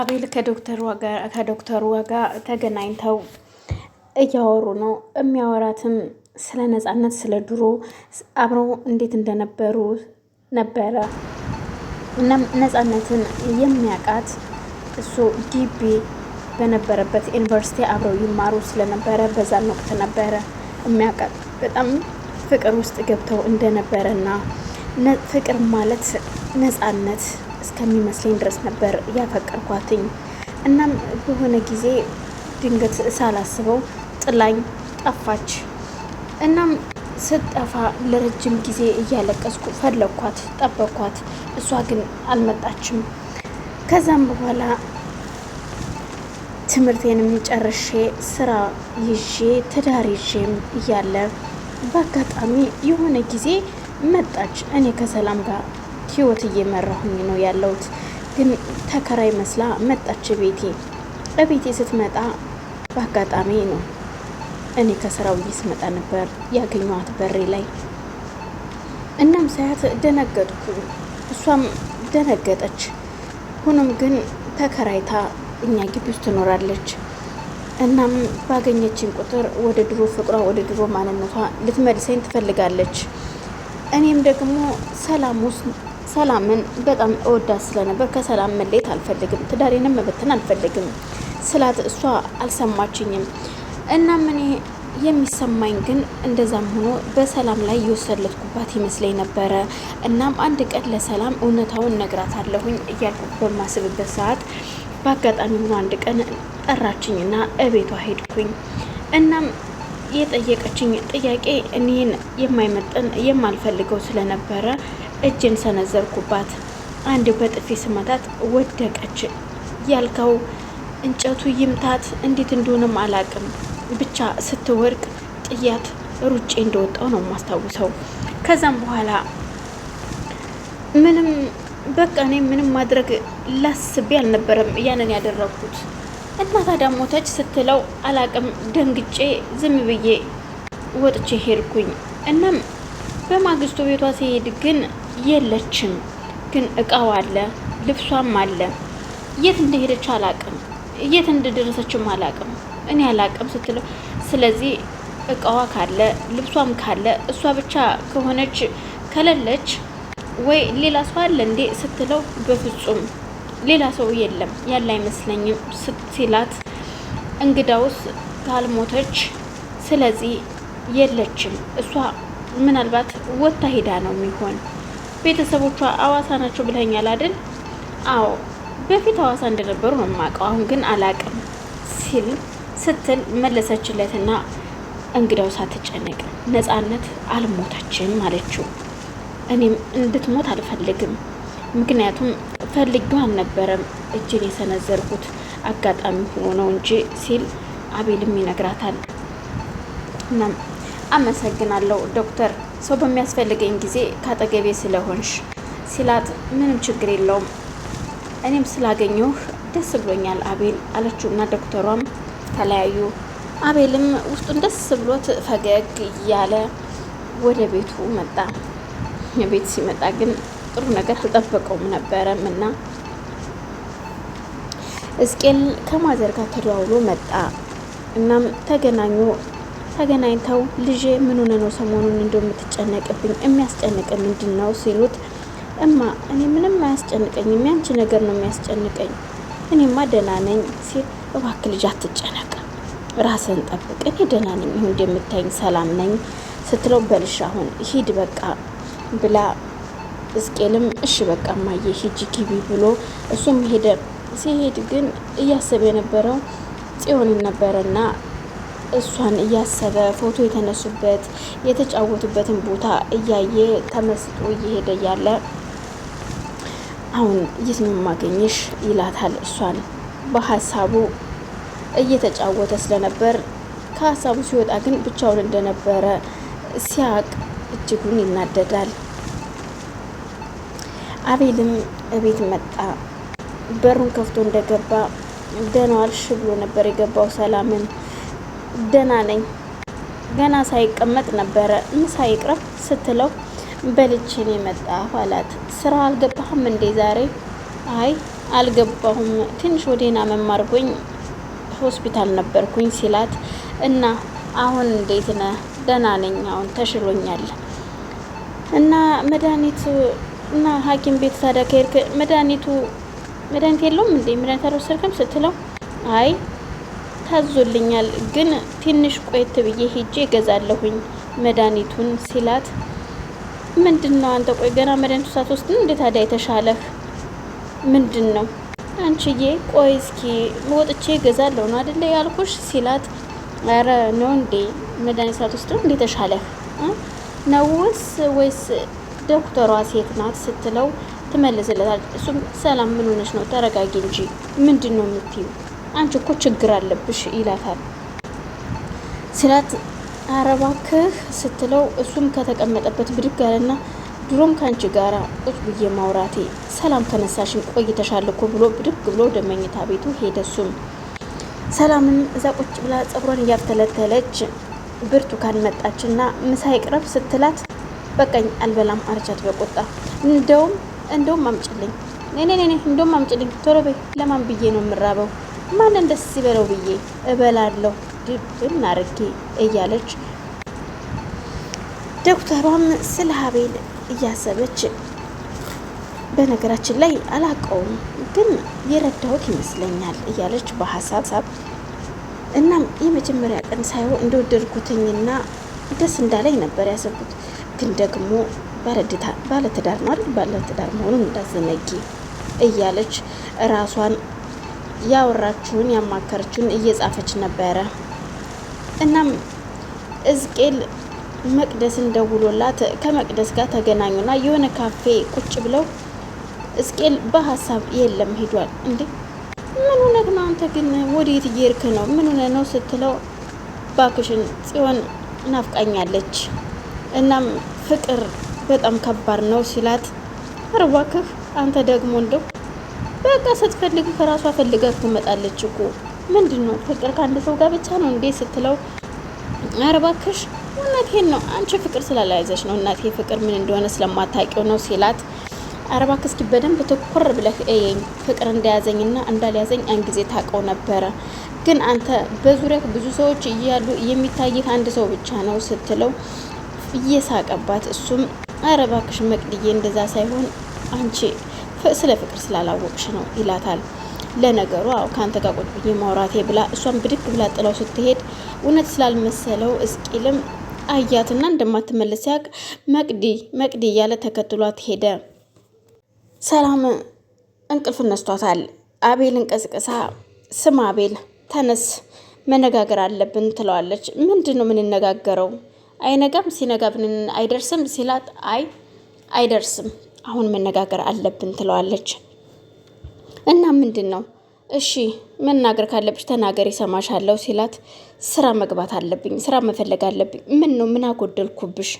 አቤል ከዶክተሩ ዋጋ ተገናኝተው እያወሩ ነው። የሚያወራትም ስለ ነፃነት፣ ስለ ድሮ አብረው እንዴት እንደነበሩ ነበረ። እናም ነፃነትን የሚያውቃት እሱ ዲቢ በነበረበት ዩኒቨርሲቲ አብረው ይማሩ ስለነበረ በዛን ወቅት ነበረ የሚያውቃት በጣም ፍቅር ውስጥ ገብተው እንደነበረ ፍቅር ማለት ነፃነት እስከሚመስለኝ ድረስ ነበር ያፈቀርኳትኝ። እናም በሆነ ጊዜ ድንገት ሳላስበው ጥላኝ ጠፋች። እናም ስትጠፋ ለረጅም ጊዜ እያለቀስኩ ፈለግኳት፣ ጠበኳት። እሷ ግን አልመጣችም። ከዛም በኋላ ትምህርቴንም ጨርሼ ስራ ይዤ ትዳር ይዤም እያለ በአጋጣሚ የሆነ ጊዜ መጣች እኔ ከሰላም ጋር ህይወት እየመራሁኝ ነው ያለሁት። ግን ተከራይ መስላ መጣች ቤቴ። ቤቴ ስትመጣ በአጋጣሚ ነው እኔ ከስራው ስመጣ ነበር ያገኘኋት በሬ ላይ። እናም ሳያት ደነገጥኩ፣ እሷም ደነገጠች። ሆኖም ግን ተከራይታ እኛ ግቢ ውስጥ ትኖራለች። እናም ባገኘችን ቁጥር ወደ ድሮ ፍቅሯ፣ ወደ ድሮ ማንነቷ ልትመልሰኝ ትፈልጋለች። እኔም ደግሞ ሰላም ውስጥ ሰላምን በጣም እወዳት ስለነበር ከሰላም መለየት አልፈልግም፣ ትዳሬንም መበተን አልፈልግም ስላት እሷ አልሰማችኝም። እናም እኔ የሚሰማኝ ግን እንደዛም ሆኖ በሰላም ላይ የወሰለትኩባት ይመስለኝ ነበረ። እናም አንድ ቀን ለሰላም እውነታውን ነግራታለሁኝ እያልኩ በማስብበት ሰዓት በአጋጣሚ ሆኖ አንድ ቀን ጠራችኝና እቤቷ ሄድኩኝ እናም የጠየቀችኝ ጥያቄ እኔን የማይመጥን የማልፈልገው ስለነበረ እጅን ሰነዘርኩባት። አንድ በጥፊ ስመታት ወደቀች። ያልከው እንጨቱ ይምታት እንዴት እንደሆነም አላቅም፣ ብቻ ስትወድቅ ጥያት ሩጬ እንደወጣው ነው የማስታውሰው። ከዛም በኋላ ምንም በቃ እኔ ምንም ማድረግ ላስቤ አልነበረም ያንን ያደረግኩት። እናታ ዳሞተች ስትለው አላቅም ደንግጬ ዝም ብዬ ወጥቼ ሄድኩኝ። እናም በማግስቱ ቤቷ ሲሄድ ግን የለችም። ግን እቃው አለ፣ ልብሷም አለ። የት እንደሄደች አላቅም፣ የት እንደደረሰችም አላቅም፣ እኔ አላቅም ስትለው ስለዚህ እቃዋ ካለ ልብሷም ካለ እሷ ብቻ ከሆነች ከሌለች ወይ ሌላ ሰው አለ እንዴ ስትለው በፍጹም ሌላ ሰው የለም ያለ አይመስለኝም ሲላት፣ እንግዳውስ ካልሞተች ስለዚህ የለችም እሷ ምናልባት ወታ ሄዳ ነው የሚሆን። ቤተሰቦቿ አዋሳ ናቸው ብለኛል አይደል? አዎ በፊት አዋሳ እንደነበሩ ነው የማውቀው፣ አሁን ግን አላቅም ሲል ስትል መለሰችለትና እንግዳው ሳትጨነቅ ነጻነት አልሞተችም አለችው። እኔም እንድትሞት አልፈልግም ምክንያቱም ፈልጌው አልነበረም እጅን የሰነዘርኩት አጋጣሚ ሆኖ ነው እንጂ ሲል አቤልም ይነግራታል። እናም አመሰግናለሁ ዶክተር፣ ሰው በሚያስፈልገኝ ጊዜ ከአጠገቤ ስለሆንሽ ሲላት፣ ምንም ችግር የለውም እኔም ስላገኘሁ ደስ ብሎኛል አቤል አለችውና ዶክተሯም ተለያዩ። አቤልም ውስጡን ደስ ብሎት ፈገግ እያለ ወደ ቤቱ መጣ። የቤት ሲመጣ ግን ጥሩ ነገር ተጠበቀውም ነበረም እና እስቄል ከማዘር ጋር ተደዋውሎ መጣ። እናም ተገናኙ። ተገናኝተው ልጄ ምን ሆነ ነው ሰሞኑን እንደምትጨነቅብኝ የሚያስጨንቅ ምንድን ነው ሲሉት፣ እማ እኔ ምንም አያስጨንቀኝም የሚያንቺ ነገር ነው የሚያስጨንቀኝ፣ እኔማ ደህና ነኝ ሲል፣ እባክ ልጅ አትጨነቅ፣ ራስን ጠብቅ፣ እኔ ደህና ነኝ፣ ይሁን እንደምታይኝ ሰላም ነኝ ስትለው፣ በልሽ አሁን ሂድ በቃ ብላ እስቄልም እሺ በቃ ማየ ሂጂ ግቢ ብሎ እሱም ሄደ። ሲሄድ ግን እያሰበ የነበረው ጽዮንን ነበረና እሷን እያሰበ ፎቶ የተነሱበት የተጫወቱበትን ቦታ እያየ ተመስጦ እየሄደ እያለ አሁን የት ነው የማገኝሽ ይላታል። እሷን በሀሳቡ እየተጫወተ ስለነበር ከሀሳቡ ሲወጣ ግን ብቻውን እንደነበረ ሲያቅ እጅጉን ይናደዳል። አቤልም እቤት መጣ። በሩን ከፍቶ እንደገባ ደህና ዋልሽ ብሎ ነበር የገባው። ሰላምን ደህና ነኝ፣ ገና ሳይቀመጥ ነበረ ምሳ ይቅረብ ስትለው በልችን የመጣ አላት። ስራ አልገባህም እንዴ ዛሬ? አይ አልገባሁም፣ ትንሽ ወዴና መማርጎኝ ሆስፒታል ነበርኩኝ ሲላት እና አሁን እንዴት ነህ? ደህና ነኝ፣ አሁን ተሽሎኛል እና መድኃኒት እና ሐኪም ቤት ታዲያ ከሄድክ መድኃኒቱ መድኃኒት የለውም እንዴ? መድኃኒት አልወሰድክም ስትለው አይ ታዞልኛል፣ ግን ትንሽ ቆየት ብዬ ሄጄ እገዛለሁኝ መድኃኒቱን ሲላት ምንድን ነው አንተ ቆይ ገና መድኃኒቱ ሳትወስድ ነው እንዴ ታዲያ የተሻለህ? ምንድን ነው አንቺዬ? ቆይ እስኪ ወጥቼ እገዛለሁ ነው አደለ ያልኩሽ ሲላት ኧረ ነው እንዴ መድኃኒት ሳትወስድ ነው እንዴ ተሻለህ ነውስ ወይስ ዶክተሯ ሴት ናት ስትለው ትመልስለታል። እሱም ሰላም ምን ሆነች ነው? ተረጋጊ እንጂ ምንድን ነው የምትዩ? አንቺ እኮ ችግር አለብሽ ይላታል። ስላት አረባክህ ስትለው እሱም ከተቀመጠበት ብድግ አለና ድሮም ከአንቺ ጋር ቁጭ ብዬ ማውራቴ ሰላም ከነሳሽን ቆይተሻል እኮ ብሎ ብድግ ብሎ ወደ መኝታ ቤቱ ሄደ። እሱም ሰላምም እዛ ቁጭ ብላ ጸጉሯን እያብተለተለች ብርቱካን መጣችና ምሳ ይቅረብ ስትላት በቀኝ አልበላም አለቻት በቆጣ እንደውም እንደውም አምጭልኝ ኔኔ ኔኔ እንደውም አምጭልኝ ቶሎ በይ ለማን ብዬ ነው የምራበው ማንን ደስ ይበለው ብዬ እበላለሁ ድብም አርጌ እያለች ዶክተሯም ስለ ሀቤል እያሰበች በነገራችን ላይ አላውቀውም ግን የረዳሁት ይመስለኛል እያለች በሀሳብ ሳብ እናም የመጀመሪያ ቀን ሳይሆን እንደወደድኩትኝና ደስ እንዳለኝ ነበር ያሰብኩት። ግን ደግሞ ባለትዳር ነው አይደል? ባለትዳር መሆኑን እንዳዘነጊ እያለች ራሷን ያወራችሁን ያማከረችውን እየጻፈች ነበረ። እናም እዝቄል መቅደስን ደውሎላት ከመቅደስ ጋር ተገናኙና የሆነ ካፌ ቁጭ ብለው እዝቄል በሀሳብ የለም ሄዷል። እንዴ ምን ሆነህ ነው አንተ ግን ወዴት እየሄድክ ነው? ምን ሆነ ነው ስትለው ባክሽን ጽዮን ናፍቃኛለች እናም ፍቅር በጣም ከባድ ነው ሲላት፣ ኧረ እባክህ አንተ ደግሞ እንደው በቃ ስትፈልግ ከራሷ ፈልገህ ትመጣለች እኮ ምንድን ነው ፍቅር ከአንድ ሰው ጋር ብቻ ነው እንዴ ስትለው፣ ኧረ እናቴን ነው አንቺ ፍቅር ስላላያዘች ነው እናቴ ፍቅር ምን እንደሆነ ስለማታውቂው ነው ሲላት አረባክ እስኪ በደንብ ትኩር ብለህ እየኝ ፍቅር እንደያዘኝና እንዳልያዘኝ አንድ ጊዜ ታውቀው ነበረ። ግን አንተ በዙሪያህ ብዙ ሰዎች እያሉ የሚታይህ አንድ ሰው ብቻ ነው ስትለው እየሳቀባት እሱም አረ እባክሽ መቅድዬ እንደዛ ሳይሆን አንቺ ስለ ፍቅር ስላላወቅሽ ነው ይላታል። ለነገሩ አዎ ከአንተ ጋር ቁጭ ብዬ ማውራቴ ብላ እሷን ብድግ ብላ ጥላው ስትሄድ እውነት ስላልመሰለው እስቂልም አያትና እንደማትመለስ ያቅ መቅዲ መቅዲ እያለ ተከትሏት ሄደ። ሰላም እንቅልፍ ነስቷታል። አቤል እንቀስቀሳ ስም አቤል ተነስ መነጋገር አለብን ትለዋለች። ምንድን ነው የምንነጋገረው? አይነጋም ሲነጋም አይደርስም ሲላት አይ አይደርስም አሁን መነጋገር አለብን ትለዋለች። እና ምንድን ነው እሺ መናገር ካለብሽ ተናገር ይሰማሻለሁ ሲላት ስራ መግባት አለብኝ ስራ መፈለግ አለብኝ ምን ነው ምን አጎደልኩብሽ